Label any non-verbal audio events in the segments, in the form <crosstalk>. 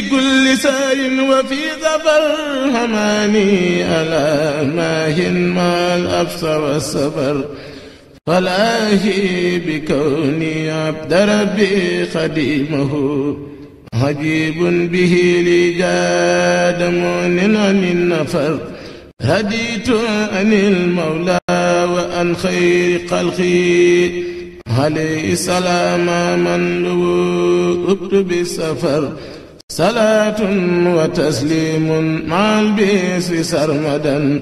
كل سار وفي ظفر هماني ألا ماهن ما الأبصر السفر فلاهي بكوني عبد ربي خديمه عجيب به لي جاد مؤمن عن النفر هديت عن المولى وعن خير خلقي عليه السلام من لو بالسفر صلاة وتسليم مع البيس سرمدا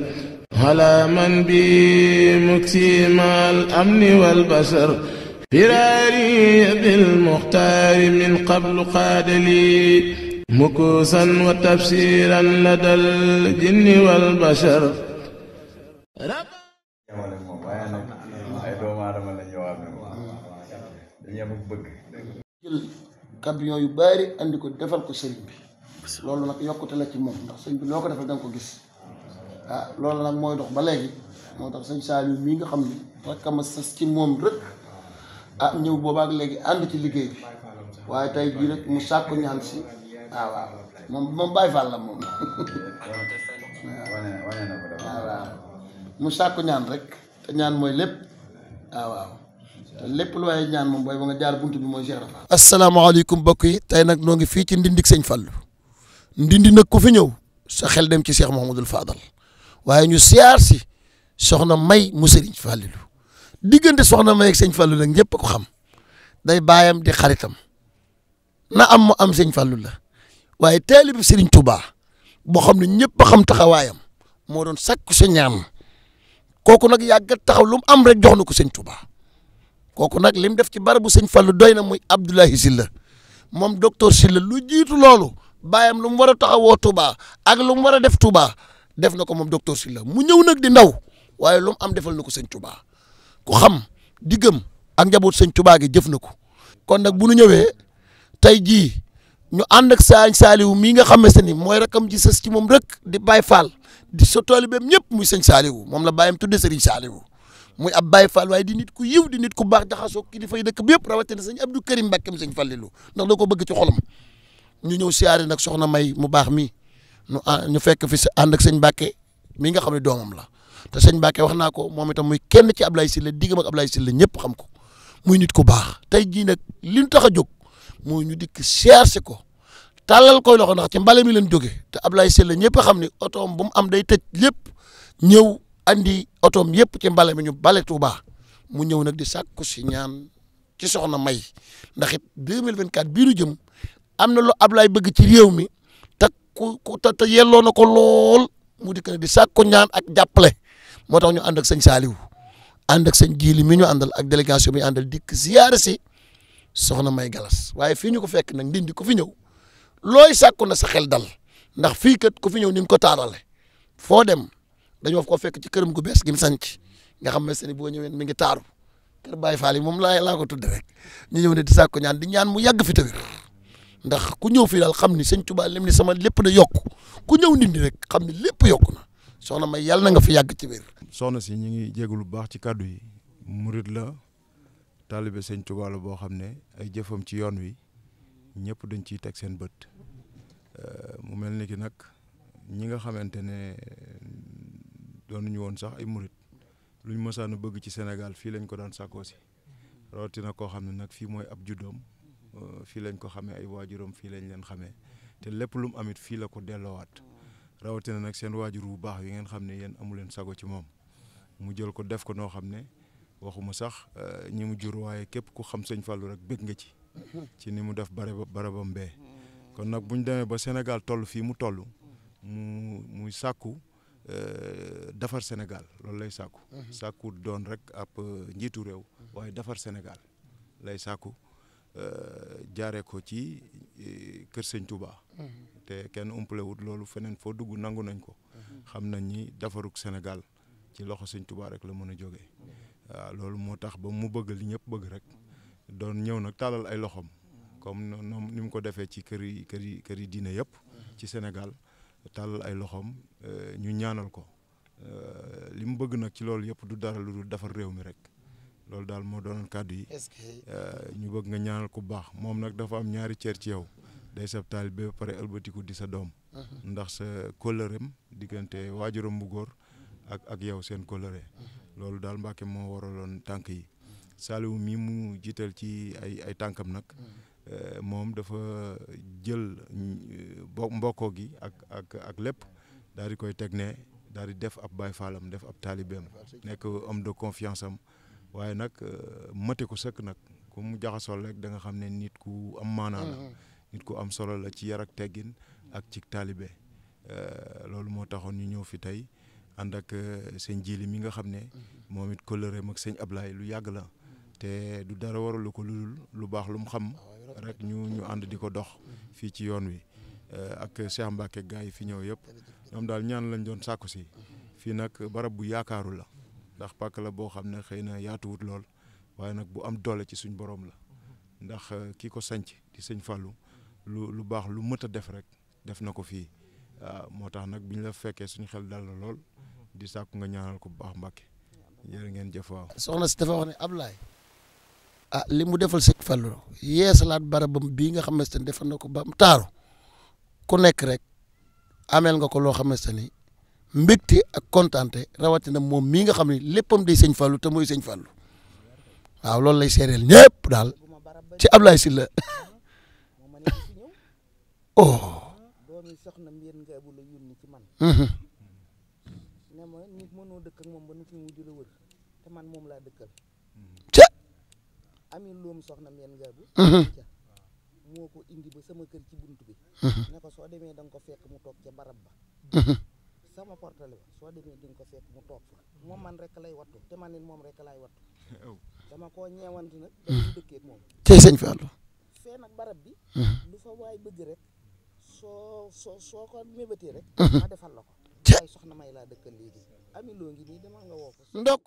على من بي مكسي مع الأمن والبشر فراري بالمختار من قبل قاد لي مكوسا وتفسيرا لدى الجن والبشر waaye doomu aadama la ñu waaw dañu am bëgg cabrion yu bari indi ko defal ko sëriñ bi loolu nag yokkute la ci moom ndax sëñ bi loo ko defal danga ko gis ah loolu nag mooy dox ba léegi moo tax sëñ Saliou mii nga xam ne rakkama sas ci moom rek ah ñëw boobaak léegi ànd ci liggéey bi waaye tey jii rek mu sàkku ñaan si waaw ah, waaw moom moom Baye Fall la moom <laughs> waaw waaw mu sàkku ñaan rek te ñaan mooy lépp ah, waaw lépp lu waaye ñaan moom booy ba nga jaar buntu bi mooy Cheikh Rafa. asalaamaaleykum mbokk yi tey nag noo ngi fii ci ndindik sëñ Fallou ndindi nag ku fi ñëw sa xel dem ci Cheikh Mouhamadul faadal waaye ñu siyaar si soxna May mu sëriñ Fallou diggante soxna May ak sëñ Fallou nag ñëpp ko xam day baayam di xaritam na am mu am sëñ Fallou la waaye taalibu sëriñ Touba boo xam ne ñëpp xam taxawaayam moo doon sakku sa ñaan kooku nag yàggat taxaw lu mu am rek jox na ko sëñ tubaa kooku nag lim def ci barabu sëñ Fallou doy na muy Abdoulaye Sylla moom docteur Sylla lu jiitu loolu bàyyam lu mu war a taxawoo Touba ak lu mu war a def Touba def na ko moom docteur Sylla mu ñëw nag di ndaw waaye lu am defal na ko sëñ Touba ku xam diggam ak njaboot sëñ Touba gi jëf na ko kon nag bu nu ñëwee tey jii ñu ànd ak saañ saaliw mii nga xamante ni mooy rakam ji sës ci moom rek di Baye Fall di sa tool yi ba ñëpp muy sëñ saaliw moom la bàyyam tudde sëriñ muy ab Baye Fall waaye di nit ku yiw di nit ku baax jaxasoo kilifa yi dëkk bi yëpp rawatina sëñ Abdou Karim Mbàkke sëñ Fallilu ndax da ko bëgg ci xolam ñu ñëw siyaare nag soxna May mu baax mii ñu ah, ñu fekk fi sa ànd ak sëñ Mbàkke mii nga xam ne doomam la te sëñ Mbàkke wax naa ko moom itam muy kenn ci Ablaye Sylla diggam ak Ablaye Sylla ñëpp xam ko muy nit ku baax tey jii nag li ñu tax a jóg mooy ñu dikk siyaare ko tàllal koy loxo ndax ci mbale mi leen jóge te Ablaye Sylla ñëpp xam ne otoom bu am day tëj lépp ñëw andi otoom yëpp ci mbale mi ñu bale Touba mu ñëw nag di sàkku si ñaan ci soxna May ndax it 2024 bii nu jëm am na lu Ablaye bëgg ci réew mi te ku ku te yelloo na ko lool mu di ko di sàkku ñaan ak jàppale moo tax ñu ànd ak sëñ Saaliw ànd ak sëñ Jiili mi ñu àndal ak délégation bi ñu àndal dikk ziyaare si soxna May Galas waaye fii ñu ko fekk nag ndindi ko fi ñëw looy sàkku na sa xel dal ndax fii kat ku fi ñëw ni ko taarale foo dem. dañoo ko fekk ci kër këram gu bees gi mu sanc nga xam ne seen boo ñëween mi ngi taaru kër Baye Fall yi moom laa laa ko tudde rek ñu ñëw ne di sàkku ñaan di ñaan mu yàgg fi tawir ndax ku ñëw fii daal xam ni sëñ Tuubaa lim sama lépp da yokk ku ñëw nit ñi rek xam ni lépp yokk na soxna ma yàlla na nga fi yàgg ci biir. soxna si ñu ngi jégalu bu baax ci kàddu yi murit la taalibe sëñ Tuubaa boo xam ne ay jëfam ci yoon wi ñëpp dañ ci teg seen bët euh, mu mel ni ki nag ñi nga xamante ne doonuñu woon sax ay murit luñ mosaan a bëgg ci Sénégal fii lañ ko daan sàkkoo si rawatina koo xam ne nag fii mooy ab juddoom euh, fii lañ ko xame ay waajuram fii lañ leen xamee te lépp lu mu amit fii la ko delloowaat rawatina nag seen waajur bu baax yi ngeen xam ne yéen amu leen sago ci moom mu jël ko def ko noo xam ne waxuma sax euh, ñi mu jur waaye képp ku xam sëñ Fallou rek bëgg nga ci ci ni mu def bare barabam bee kon nag bu ñu demee ba Sénégal toll fii mu toll sàkku euh, defar senegal loolu lay sàkku mhm. sàkku doon rek app euh, njiitu réew mhm. waaye defar senegal lay sàkku euh, jaaree ko ci euh, kër sëñ Touba. Mhm. te kenn umpalewut loolu feneen foo dugg nangu nañ ko xam nañ ni defaruk Sénégal ci loxo sëñ Touba rek la mën a jóge waaw loolu moo tax ba mu bëgg li ñëpp bëgg rek doon ñëw nag tàllal ay loxoom comme noonu ni mu ko defee ci kër yi kër yi kër yi diine yëpp ci Sénégal tàllal ay loxoom ñu ñaanal ko Euh, li mu bëgg nag ci loolu yëpp du dara lu dul defar réew mi rek loolu daal moo doonoon kàddu yi. Euh, ñu bëgg nga ñaanal ku baax moom nag dafa am ñaari cër ci yow. day sab taalibe ba pare ëlbatiku di sa doom. Mhm. ndax sa kóllëreem diggante waajuram bu góor ak ak yow seen kóllëre. Mhm. loolu daal Mbàkke moo waraloon tànk yi. Saliou mi mu jiital ci ay ay tànkam nag. Mhm. Euh, moom dafa jël mbokkoo gi ak ak ak lépp daal di koy teg ne. daal di def ab Baay Faalam def ab taalibeem nekk homme de confiance am waaye nag euh, mate ko sëkk nag ku mu jaxasoo rek da nga xam ne nit ku am maanaa la mm-hmm. nit ku am solo la ci yar ak teggin ak ci taalibe euh, loolu moo taxoon ñu ñëw fi tey ànd ak euh, sëñ Jili mi nga xam ne mm-hmm. moom it kóllëreem ak sëñ Ablaye lu yàgg la te du dara waralu ko lu lu baax lu mu xam ah, rek ñu ñu ànd di ko dox mm-hmm. fii ci yoon wi Euh, ak Cheikh Mbacke gaa yi fi ñëw yëpp ñoom daal ñaan lañ doon sàkku si mhm. fii nag barab bu yaakaaru la ndax pakk la boo xam ne xëy na yaatuwut lool waaye nag bu am doole ci suñ boroom la mhm. ndax euh, ki ko sanc di sëñ Fallou lu lu baax lu mët a def rek def na ko fii ah, moo tax nag bi ñu la fekkee suñu xel dal na lool mhm. di sàkku nga ñaanal ko bu baax Mbacke jërë ngeen jëf waaw. soxna si dafa wax ne Ablaye ah li mu defal sëñ Fallou yeesalaat barabam bii nga xamante ne defal na ko ba taaru. ku nekk rek amel nga ko loo xamante ni mbégte ak kontaante rawatina moom mii nga xam ne léppam day sëñ Fallou te mooy sëñ Fallou waaw loolu lay seereel ñëpp daal ci Ablaye Sylla <laughs> oh. Mhm. ca. moo ko indi ba sama kër ci bunt bi mhm. ne ko soo demee da nga ko fekk mu toog ca barab ba mhm. sama portale ba soo demee di ko fekk mu toog fa moom man rek lay wattu te man it moom rek laay wattu <laughs> oh. dama ko ñeewanti nag dañuy mhm. dëkkee moom tey sëñ Fallou fee nag barab bi lu fa waay bëgg rek soo soo soo ko mébétee rek ma defal la ko waaye soxna may laa dëkkal léegi amiloo ngi nii dama nga woo ko ndokk